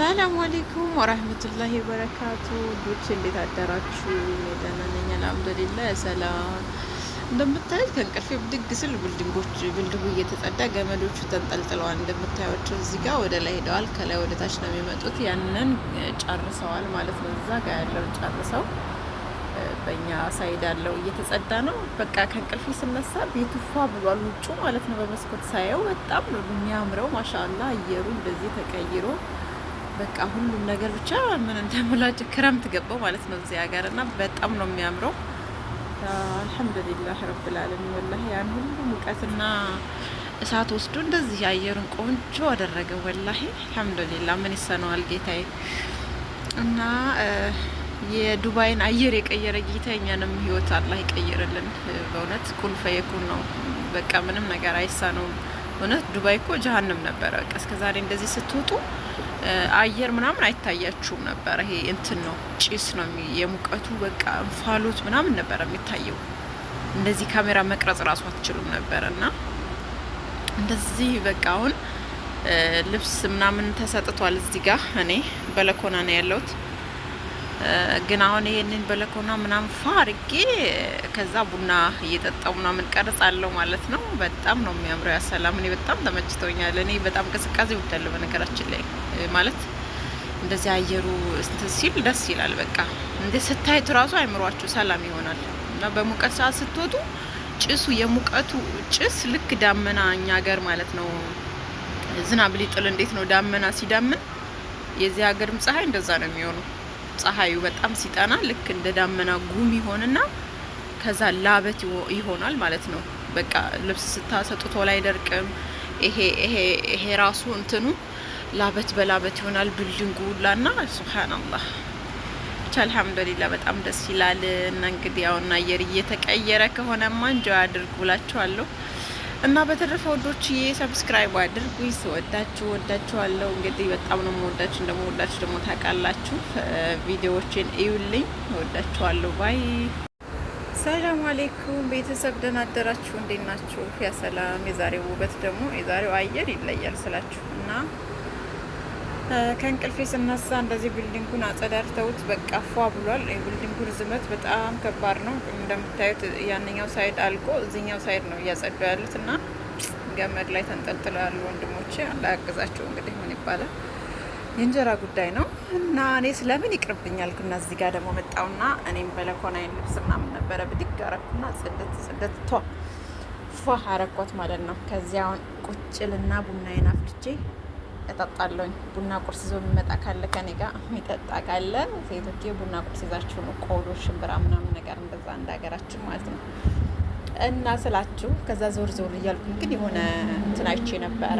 ሰላም አሌይኩም ወራህመቱላሂ በረካቱ ዶች እንዴት አደራችሁ? ደህና ነኝ አልሐምዱሊላህ። ሰላም እንደምታዩት ከእንቅልፌ ብድግ ስል ብልድንጎች ብልድጉ እየተጸዳ ገመዶቹ ተንጠልጥለዋል። እንደምታዩቸው እዚህ ጋር ወደ ላይ ሄደዋል፣ ከላይ ወደ ታች ነው የሚመጡት። ያንን ጨርሰዋል ማለት ነው። እዛ ጋ ያለው ጨርሰው በእኛ ሳይድ ያለው እየተጸዳ ነው። በቃ ከእንቅልፌ ስነሳ ቤቱ ፏ ብሏል። ውጩ ማለት ነው። በመስኮት ሳየው በጣም ነው የሚያምረው። ማሻአላ አየሩ እንደዚህ ተቀይሮ በቃ ሁሉም ነገር ብቻ ምን እንደምላችሁ ክረምት ገባው ማለት ነው እዚህ ሀገር እና በጣም ነው የሚያምረው። አልሐምዱሊላህ ረብል ዓለሚን ወላሂ ያን ሁሉ ሙቀትና እሳት ወስዶ እንደዚህ አየሩን ቆንጆ አደረገ። ወላሂ አልሐምዱሊላህ ምን ይሰነዋል ጌታዬ እና የዱባይን አየር የቀየረ ጌታ የኛንም ህይወት አላህ ይቀይርልን። በእውነት ቁልፈ ፈየኩን ነው በቃ ምንም ነገር አይሳነውም። እውነት ዱባይ እኮ ጀሀንም ነበረ። በቃ እስከዛሬ እንደዚህ ስትወጡ አየር ምናምን አይታያችሁም ነበረ። ይሄ እንትን ነው ጭስ ነው የሙቀቱ በቃ እንፋሎት ምናምን ነበረ የሚታየው። እንደዚህ ካሜራ መቅረጽ ራሱ አትችሉም ነበርና እና እንደዚህ በቃ አሁን ልብስ ምናምን ተሰጥቷል። እዚህ ጋር እኔ በለኮና ነው ያለሁት። ግን አሁን ይሄንን በለኮና ምናምን ፋ ከዛ ቡና እየጠጣው ምናምን ቀርጻለሁ ማለት ነው። በጣም ነው የሚያምረው። ያሰላም እኔ በጣም ተመችቶኛል። እኔ በጣም ቅዝቃዜ እወዳለሁ በነገራችን ላይ ማለት እንደዚህ አየሩ እንትን ሲል ደስ ይላል። በቃ እንደ ስታይቱ ራሱ አይምሯችሁ ሰላም ይሆናል እና በሙቀት ሰዓት ስትወጡ ጭሱ የሙቀቱ ጭስ ልክ ዳመና እኛ ሀገር ማለት ነው ዝናብ ሊጥል እንዴት ነው ዳመና ሲዳምን የዚህ ሀገርም ፀሐይ እንደዛ ነው የሚሆኑ። ፀሐዩ በጣም ሲጠና ልክ እንደ ዳመና ጉም ይሆንና ከዛ ላበት ይሆናል ማለት ነው። በቃ ልብስ ስታሰጡ ቶሎ አይደርቅም። ይሄ ይሄ ይሄ ራሱ እንትኑ ላበት በላበት ይሆናል ቢልዲንጉ ሁላና ሱብሃንአላህ። ብቻ አልሐምዱሊላ በጣም ደስ ይላል። እና እንግዲህ አሁን አየር እየተቀየረ ከሆነ ማንጃ አድርጉ ብላችኋለሁ። እና በተረፈ ወዶችዬ ሰብስክራይብ አድርጉ። ስወዳችሁ ወዳችኋለሁ። እንግዲህ በጣም ነው የምወዳችሁ፣ እንደምወዳችሁ ደግሞ ታውቃላችሁ። ቪዲዮዎችን እዩልኝ። ወዳችኋለሁ ባይ ሰላም አሌይኩም ቤተሰብ ደህና አደራችሁ፣ እንዴት ናችሁ? ያ ሰላም። የዛሬው ውበት ደግሞ የዛሬው አየር ይለያል ስላችሁ እና ከእንቅልፌ ስነሳ እንደዚህ ቢልዲንጉን አጸዳድተውት በቃ ፏ ብሏል። የቢልዲንጉ ርዝመት በጣም ከባድ ነው እንደምታዩት። ያንኛው ሳይድ አልቆ እዚኛው ሳይድ ነው እያጸዱ ያሉት እና ገመድ ላይ ያሉ ወንድሞቼ አላያግዛቸው እንግዲህ ምን ይባላል የእንጀራ ጉዳይ ነው እና እኔ ስለምን ይቅርብኛል ግና እዚህ ጋር ደግሞ መጣውና እኔም በለኮና ልብስ ምናምን ነበረ ብድግ አረኩና ጽድት ጽድት ቷ ፏ አረኳት ማለት ነው። ከዚያ አሁን ቁጭልና ቡናዬን አፍልቼ እጠጣለሁኝ። ቡና ቁርስ ይዞ የሚመጣ ካለ ከኔ ጋር የሚጠጣ ካለ ሴቶቼ ቡና ቁርስ ይዛችሁ ነው፣ ቆሎ ሽምብራ ምናምን ነገር እንደዛ እንደ ሀገራችን ማለት ነው እና ስላችሁ ከዛ ዞር ዞር እያልኩኝ ግን የሆነ እንትን አይቼ ነበረ